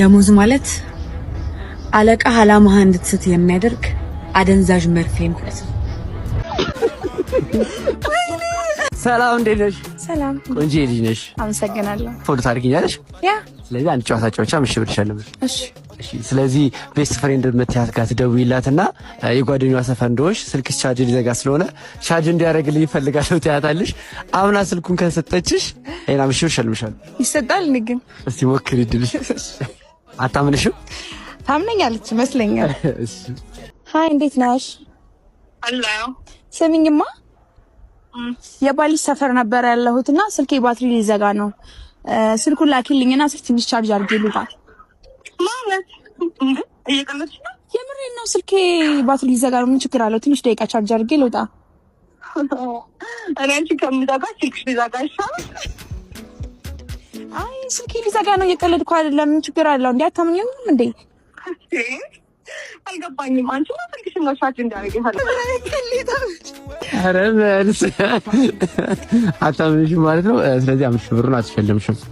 ደሞዝ ማለት አለቃ አላማህ እንድትስት የሚያደርግ አደንዛዥ መርፌ ማለት ነው። ሰላም እንዴት ነሽ? ሰላም ቆንጆ ልጅ ነሽ። አመሰግናለሁ። ፎቶ ታደርጊኛለሽ? ያ ስለዚህ አንድ ጨዋታ ጨዋቻ ምሽ ብልሻለሁ። እሺ እሺ። ስለዚህ ቤስት ፍሬንድ የምትያት ጋር ትደውይላትና የጓደኛዋ ሰፈር እንደሆንሽ ስልክሽ ቻርጅ ሊዘጋ ስለሆነ ቻርጅ እንዲያደርግልኝ እፈልጋለሁ ትያታለሽ። አምና ስልኩን ከሰጠችሽ አይና ምሽ ብልሻለሁ። ይሰጣል ንግን እስቲ ሞክሪ ድልሽ አታምንሽም? ታምነኛለች ይመስለኛል። ሀይ እንዴት ነሽ? አላው ስሚኝማ፣ የባሊሽ ሰፈር ነበር ያለሁት እና ስልኬ ባትሪ ሊዘጋ ነው። ስልኩን ላኪልኝና ስልክ ትንሽ ቻርጅ አድርጌ ልውጣ። ማለት እየቀለድሽ የምሬን ነው። ስልኬ ባትሪ ሊዘጋ ነው። ምን ችግር አለው? ትንሽ ደቂቃ ቻርጅ አድርጌ ልውጣ። እኔ አንቺ ከምዘጋ ስልክሽ ሊዘጋ ይሻላል። አይ ስልኬ ሊዘጋ ነው፣ እየቀለድኩ አይደለም። ምን ችግር አለው? እንዲ አታምኝም እንዴ? አልገባኝም። አንቺ ስልክሽን መሻች እንዳረገ አታምንሽም ማለት ነው። ስለዚህ አምስት ብሩን አትሸልምሽም